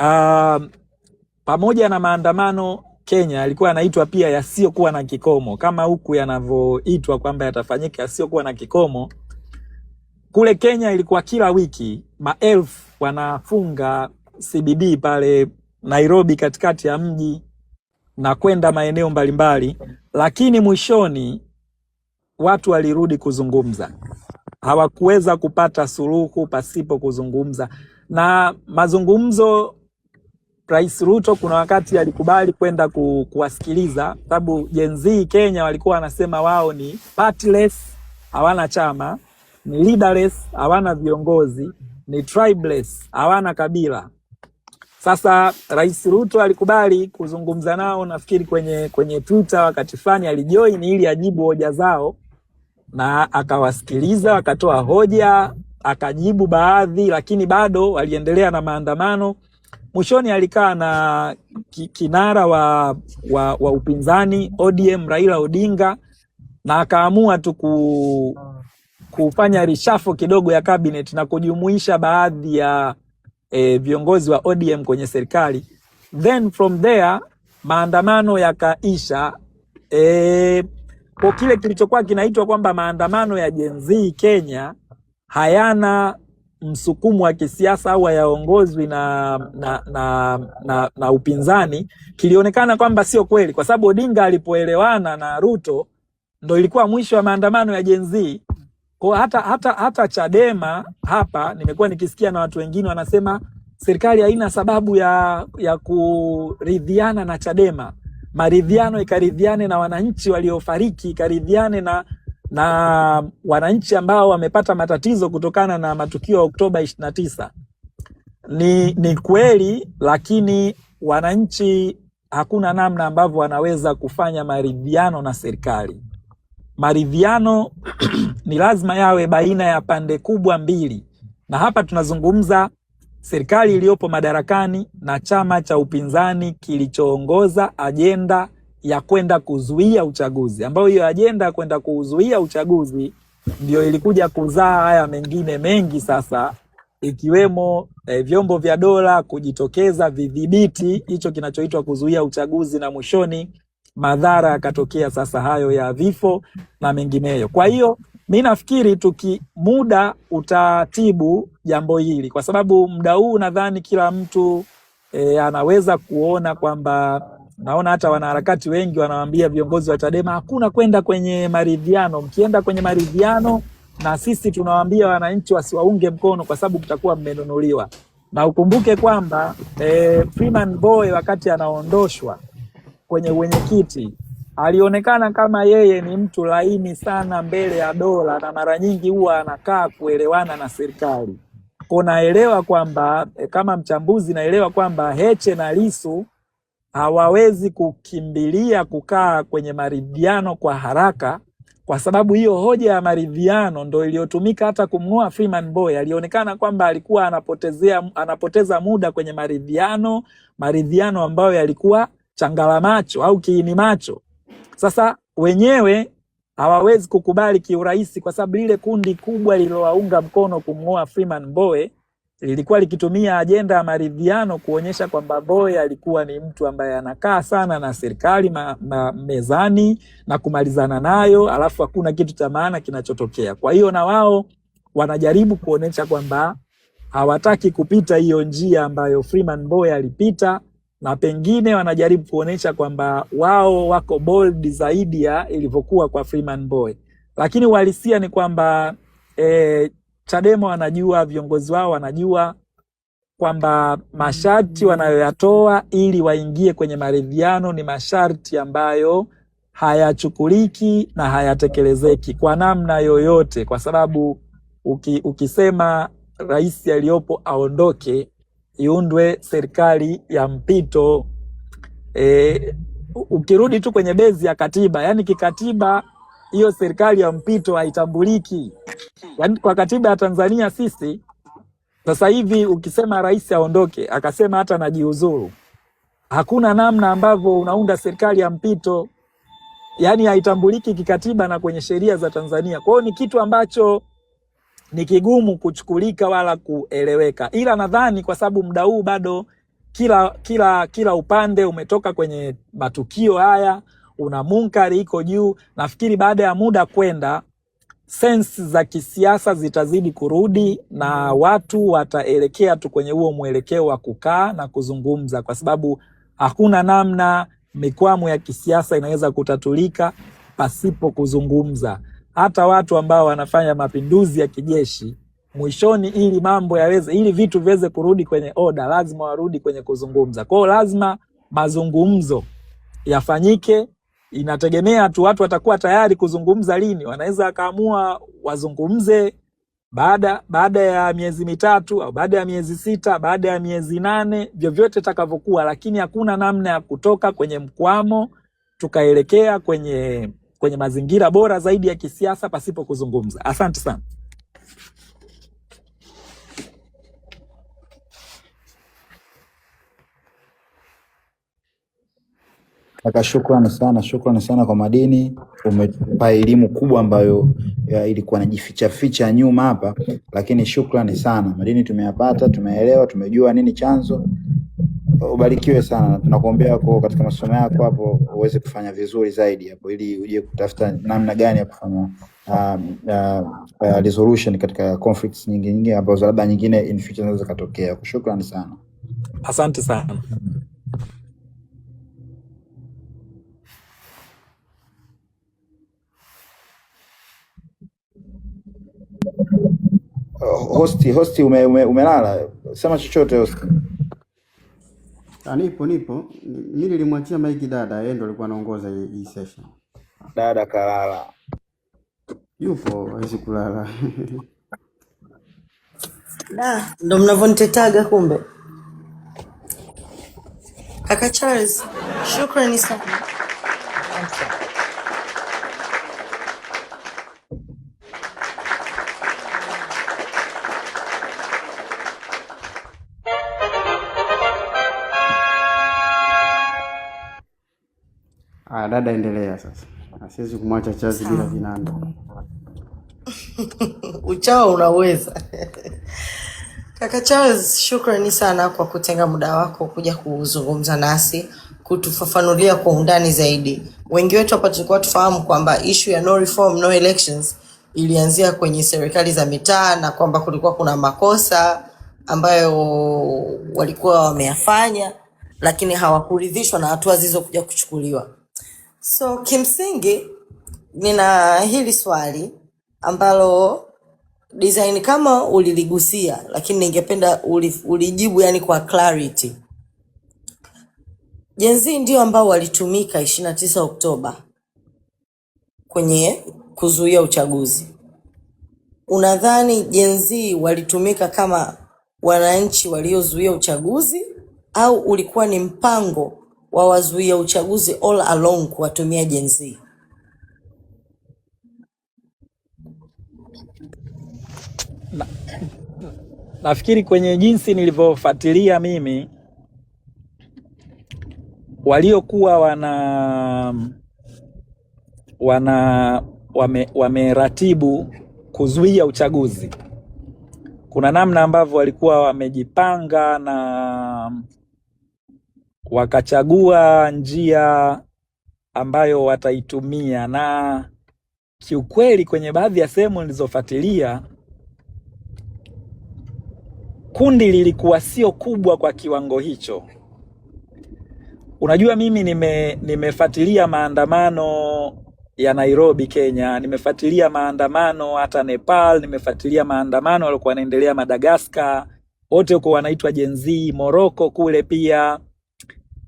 uh, pamoja na maandamano Kenya yalikuwa yanaitwa pia yasiyokuwa na kikomo, kama huku yanavyoitwa kwamba yatafanyika yasiyokuwa na kikomo. Kule Kenya ilikuwa kila wiki maelfu wanafunga CBD pale Nairobi, katikati ya mji na kwenda maeneo mbalimbali, lakini mwishoni watu walirudi kuzungumza. Hawakuweza kupata suluhu pasipo kuzungumza, na mazungumzo Rais Ruto kuna wakati alikubali kwenda ku, kuwasikiliza sababu Gen Z Kenya walikuwa wanasema wao ni partless, hawana chama, ni leaderless, hawana viongozi, ni tribeless, hawana kabila. Sasa Rais Ruto alikubali kuzungumza nao, nafikiri kwenye kwenye Twitter wakati fulani alijoin ili ajibu hoja zao, na akawasikiliza, akatoa hoja, akajibu baadhi, lakini bado waliendelea na maandamano. Mwishoni alikaa na kinara wa, wa, wa upinzani ODM Raila Odinga na akaamua tu ku, kufanya rishafo kidogo ya cabinet na kujumuisha baadhi ya e, viongozi wa ODM kwenye serikali. Then from there maandamano yakaisha. E, kwa kile kilichokuwa kinaitwa kwamba maandamano ya Gen Z Kenya hayana msukumo wa kisiasa au hayaongozwi na, na, na, na, na upinzani, kilionekana kwamba sio kweli, kwa sababu Odinga alipoelewana na Ruto ndo ilikuwa mwisho wa maandamano ya Gen Z. Kwa hata, hata, hata Chadema hapa nimekuwa nikisikia na watu wengine wanasema serikali haina sababu ya, ya kuridhiana na Chadema, maridhiano ikaridhiane na wananchi waliofariki, ikaridhiane na na wananchi ambao wamepata matatizo kutokana na matukio ya Oktoba 29 ni, ni kweli, lakini wananchi hakuna namna ambavyo wanaweza kufanya maridhiano na serikali. Maridhiano ni lazima yawe baina ya pande kubwa mbili, na hapa tunazungumza serikali iliyopo madarakani na chama cha upinzani kilichoongoza ajenda ya kwenda kuzuia uchaguzi, ambayo hiyo ajenda kwenda kuzuia uchaguzi ndio ilikuja kuzaa haya mengine mengi sasa, ikiwemo eh, vyombo vya dola kujitokeza vidhibiti hicho kinachoitwa kuzuia uchaguzi, na mwishoni madhara yakatokea sasa hayo ya vifo na mengineyo. Kwa hiyo mi nafikiri tuki muda utaratibu jambo hili, kwa sababu muda huu nadhani kila mtu e, anaweza kuona kwamba Naona hata wanaharakati wengi wanawaambia viongozi wa Chadema hakuna kwenda kwenye maridhiano, mkienda kwenye maridhiano na sisi tunawaambia wananchi wasiwaunge mkono kwa sababu mtakuwa mmenunuliwa. Na ukumbuke kwamba eh, Freeman Boy wakati anaondoshwa kwenye wenyekiti alionekana kama yeye ni mtu laini sana mbele ya dola, na mara nyingi huwa anakaa kuelewana na serikali. Ko, naelewa kwamba eh, kama mchambuzi naelewa kwamba Heche na Lisu hawawezi kukimbilia kukaa kwenye maridhiano kwa haraka, kwa sababu hiyo hoja ya maridhiano ndo iliyotumika hata kumng'oa Freeman Mbowe. Alionekana kwamba alikuwa anapotezea, anapoteza muda kwenye maridhiano, maridhiano ambayo yalikuwa changala macho au kiini macho. Sasa wenyewe hawawezi kukubali kiurahisi, kwa sababu lile kundi kubwa lililowaunga mkono kumng'oa Freeman Mbowe lilikuwa likitumia ajenda ya maridhiano kuonyesha kwamba Mbowe alikuwa ni mtu ambaye anakaa sana na serikali ma, ma, mezani na kumalizana nayo, alafu hakuna kitu cha maana kinachotokea. Kwa hiyo na wao wanajaribu kuonyesha kwamba hawataki kupita hiyo njia ambayo Freeman Mbowe alipita, na pengine wanajaribu kuonyesha kwamba wao wako bold zaidi ya ilivyokuwa kwa Freeman Mbowe, lakini uhalisia ni kwamba eh, Chadema wanajua, viongozi wao wanajua kwamba masharti mm. wanayoyatoa ili waingie kwenye maridhiano ni masharti ambayo hayachukuliki na hayatekelezeki kwa namna yoyote, kwa sababu uki, ukisema rais aliyopo aondoke, iundwe serikali ya mpito e, ukirudi tu kwenye bezi ya katiba, yani kikatiba hiyo serikali ya mpito haitambuliki. Yaani, kwa katiba ya Tanzania sisi sasa hivi ukisema rais aondoke akasema hata najiuzuru, hakuna namna ambavyo unaunda serikali ya mpito, yaani haitambuliki kikatiba na kwenye sheria za Tanzania. Kwa hiyo ni kitu ambacho ni kigumu kuchukulika wala kueleweka, ila nadhani kwa sababu muda huu bado kila, kila, kila upande umetoka kwenye matukio haya una munkari iko juu. Nafikiri baada ya muda kwenda sensi za kisiasa zitazidi kurudi na watu wataelekea tu kwenye huo mwelekeo wa kukaa na kuzungumza, kwa sababu hakuna namna mikwamo ya kisiasa inaweza kutatulika pasipo kuzungumza. Hata watu ambao wanafanya mapinduzi ya kijeshi mwishoni, ili mambo yaweze, ili vitu viweze kurudi kwenye oda, lazima warudi kwenye kuzungumza. Kwao lazima mazungumzo yafanyike inategemea tu watu watakuwa tayari kuzungumza lini. Wanaweza wakaamua wazungumze baada baada ya miezi mitatu au baada ya miezi sita, baada ya miezi nane, vyovyote itakavyokuwa, lakini hakuna namna ya kutoka kwenye mkwamo tukaelekea kwenye kwenye mazingira bora zaidi ya kisiasa pasipo kuzungumza. Asante sana. Kaka, shukrani sana, shukrani sana kwa madini. Umetupa elimu kubwa ambayo ilikuwa najificha ficha nyuma hapa, lakini shukrani sana madini, tumeyapata, tumeelewa, tumejua nini chanzo. Ubarikiwe sana, tunakuombea kwa katika masomo yako hapo uweze kufanya vizuri zaidi hapo, ili uje kutafuta namna gani ya kufanya um, uh, uh, resolution katika conflicts nyingi nyingi ambazo labda nyingine in future zinaweza kutokea. Shukrani sana, asante sana. Hosti, hosti ume, ume, umelala? Sema chochote hosti. Ah, nipo, nipo. Mimi nilimwachia maiki dada, yeye ndo alikuwa anaongoza hii session. Dada kalala, yupo, hawezi kulala Da, ndo mnavyonitetaga kumbe. Kaka Charles, shukrani sana. Dada, endelea sasa, asiwezi kumwacha Chazi bila vinanda. Uchao unaweza Kaka Charles, shukrani sana kwa kutenga muda wako kuja kuzungumza nasi, kutufafanulia kwa undani zaidi. Wengi wetu hapa tulikuwa tufahamu kwamba issue ya no reform, no elections ilianzia kwenye serikali za mitaa na kwamba kulikuwa kuna makosa ambayo walikuwa wameyafanya, lakini hawakuridhishwa na hatua zilizokuja kuchukuliwa. So kimsingi nina hili swali ambalo design kama uliligusia, lakini ningependa ulijibu yani kwa clarity. Gen Z ndio ambao walitumika 29 Oktoba kwenye kuzuia uchaguzi. Unadhani Gen Z walitumika kama wananchi waliozuia uchaguzi au ulikuwa ni mpango wawazuia uchaguzi all along kuwatumia Gen Z? Nafikiri na, na kwenye jinsi nilivyofuatilia mimi waliokuwa wana wana wameratibu wame kuzuia uchaguzi, kuna namna ambavyo walikuwa wamejipanga na wakachagua njia ambayo wataitumia, na kiukweli, kwenye baadhi ya sehemu nilizofuatilia, kundi lilikuwa sio kubwa kwa kiwango hicho. Unajua, mimi nime nimefuatilia maandamano ya Nairobi, Kenya, nimefuatilia maandamano hata Nepal, nimefuatilia maandamano yaliokuwa wanaendelea Madagaskar, wote huko wanaitwa Gen Z, Moroko kule pia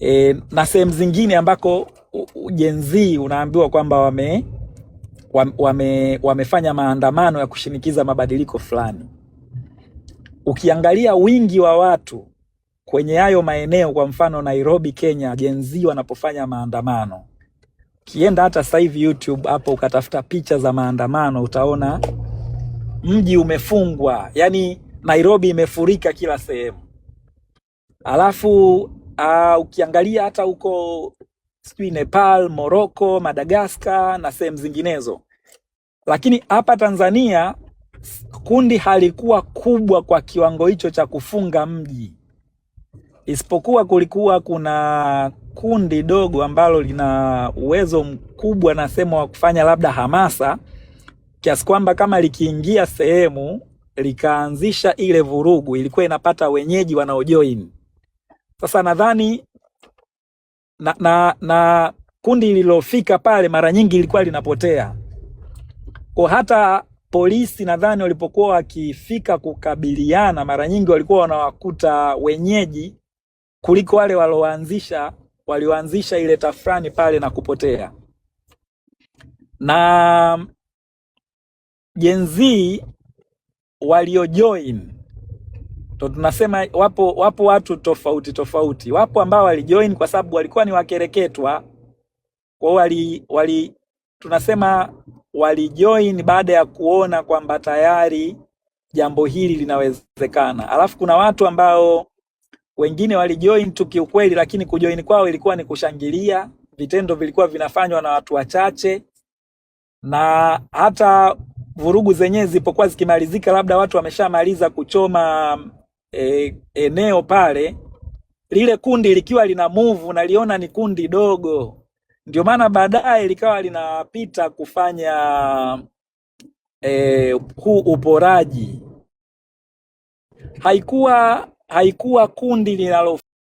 e, na sehemu zingine ambako ujenzii unaambiwa kwamba wame, wame, wamefanya maandamano ya kushinikiza mabadiliko fulani. Ukiangalia wingi wa watu kwenye hayo maeneo, kwa mfano Nairobi, Kenya, jenzii wanapofanya maandamano, ukienda hata sasa hivi YouTube hapo ukatafuta picha za maandamano utaona mji umefungwa, yani Nairobi imefurika kila sehemu, alafu Uh, ukiangalia hata huko sijui Nepal, Morocco, Madagascar na sehemu zinginezo, lakini hapa Tanzania kundi halikuwa kubwa kwa kiwango hicho cha kufunga mji, isipokuwa kulikuwa kuna kundi dogo ambalo lina uwezo mkubwa na sehemu wa kufanya labda hamasa, kiasi kwamba kama likiingia sehemu likaanzisha ile vurugu, ilikuwa inapata wenyeji wanaojoin sasa nadhani na, na, na kundi lililofika pale mara nyingi ilikuwa linapotea kwa hata polisi nadhani walipokuwa wakifika kukabiliana, mara nyingi walikuwa wanawakuta wenyeji kuliko wale walioanzisha walioanzisha ile tafrani pale na kupotea. Na jenzii waliojoin Ndo tunasema wapo, wapo watu tofauti tofauti. Wapo ambao walijoin kwa sababu walikuwa ni wakereketwa, kwa wali, wali tunasema walijoin baada ya kuona kwamba tayari jambo hili linawezekana. Alafu kuna watu ambao wengine walijoin tu kiukweli, lakini kujoin kwao ilikuwa ni kushangilia. Vitendo vilikuwa vinafanywa na watu wachache, na hata vurugu zenyewe zilipokuwa zikimalizika, labda watu wameshamaliza kuchoma e, eneo pale, lile kundi likiwa lina move, naliona ni kundi dogo, ndio maana baadaye likawa linapita kufanya e, huu uporaji. Haikuwa haikuwa kundi linalo